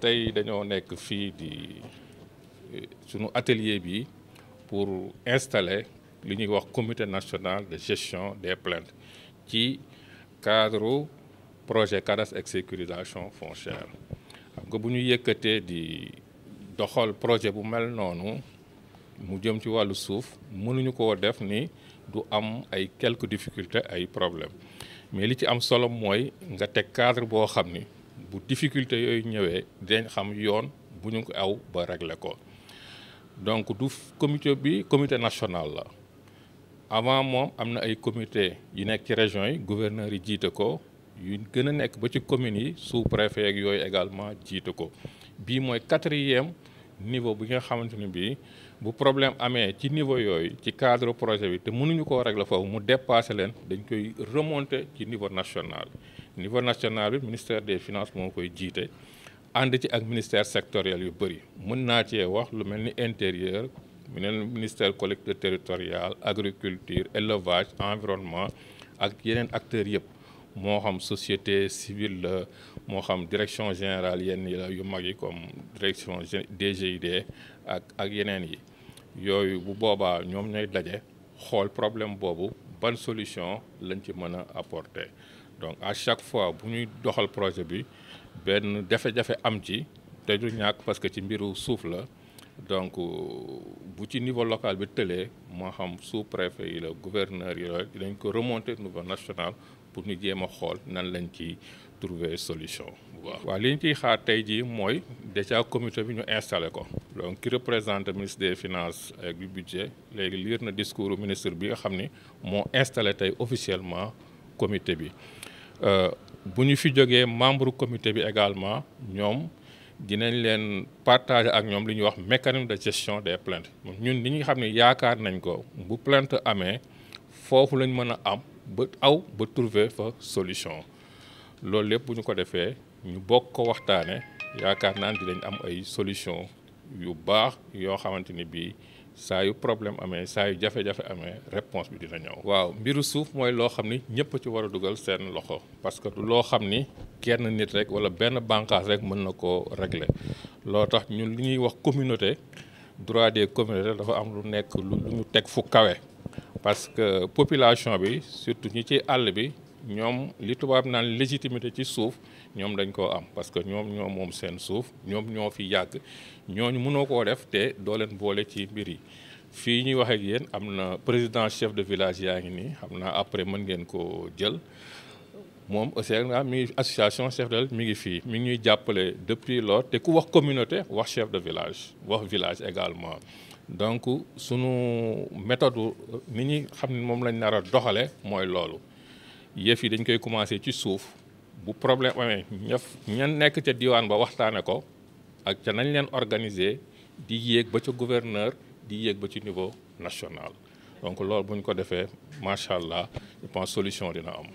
tey dañoo nekk fii di eh, sunu atelier bi pour installer li ñuy wax commité national de gestion des plaintes ci cadre projet cadastre et sécurisation foncière xam nga bu ñu yëkkatee di doxal projet bu mel noonu mu jëm ci wàllu suuf mënuñu koo def ni du am ay quelques difficultés ay problèmes mais li ci am solo mooy nga teg cadre boo xam ni bu difficulté yooyu ñëwee dinañ xam yoon bu ñu ko aw ba régler ko donc du comité bi comité national la avant moom am na ay comité yu nekk ci région yi gouverneur yi jiite ko yu gën a nekk ba ci communes yi sous préfet ak yooyu également jiite ko bii mooy quatrième niveau bi nga xamante ni bii bu problème amee ci niveau yooyu ci cadre projet bi te mënuñu koo régler foofu mu dépassé leen dañ koy remonter ci niveau national niveau national bi ministère des finances moo koy jiite ànd ci ak ministère sectoriel yu bëri mën naa cee wax lu mel ni intérieur mu ne ministère collectivité territorial agriculture élevage environnement ak yeneen acteurs yëpp moo xam société civile la moo xam direction générale yenn yi la yu mag yi comme direction DGID ak ak yeneen yi yooyu bu boobaa ñoom ñooy daje xool problème boobu ban solution lañ ci mën a apporter donc à chaque fois bu ñuy doxal projet bi benn jafe-jafe am ci te du ñàkk parce que ci mbiru suuf la donc euh, bu ci niveau local bi tëlee moo xam sous préfet yi la gouverneur yi la dañ ko remonter niveau national pour ñu jéem a xool nan lañ ci trouver solution bu baax. waaw li ñu ciy xaar tey jii mooy déjà comité bi ñu installé ko donc ki représente ministre des finances ak du budget léegi liir na discours ministre bi nga xam ni moo installé tey officiellement comité bi euh, bu ñu fi jógee membre comité bi également ñoom. dinañ leen partager ak ñoom li ñuy wax mécanisme de gestion des plaintes ñun li ñu xam ne yaakaar nañ ko bu plainte amee foofu lañ mën a am ba aw ba trouver fa solution loolu lépp ñu ko defee ñu bokk ko waxtaane yaakaar naan dinañ am ay solution yu baax yoo xamante ni bii saa yu problème amee saa yu jafe-jafe amee réponse bi dina ñëw waaw mbiru suuf mooy loo xam ni ñëpp ci war a dugal seen loxo parce que loo xam ni kenn nit rek wala benn bànqaas rek mën na ko régler loo tax ñun li ñuy wax communauté droit des communautés dafa am lu nekk lu ñu teg fu kawe parce que population bi surtout ñi ci àll bi ñoom li tubaab naan légitimité ci suuf ñoom dañ koo am parce que ñoom ñoo moom seen suuf ñoom ñoo fi yàgg ñu mënoo ko def te doo leen boole ci mbir yi fii ñuy waxee ak yéen am na président chef de village yaa ngi nii xam naa après mën ngeen koo jël moom aussi mi ngi association chef de village mi ngi fii mi ngi ñuy jàppale depuis lors te ku wax communauté wax chef de village wax village également donc sunu méthode ni ñi xam ne moom lañ nar a doxale mooy loolu yëf yi dañ koy commencé ci suuf bu problème amee ñëf ñan nekk ca diwaan ba waxtaane ko ak ca nañ leen organiser di yéeg ba ca gouverneur di yéeg ba ci niveau national donc loolu bu ñu ko defee macha allah je pense solution dina am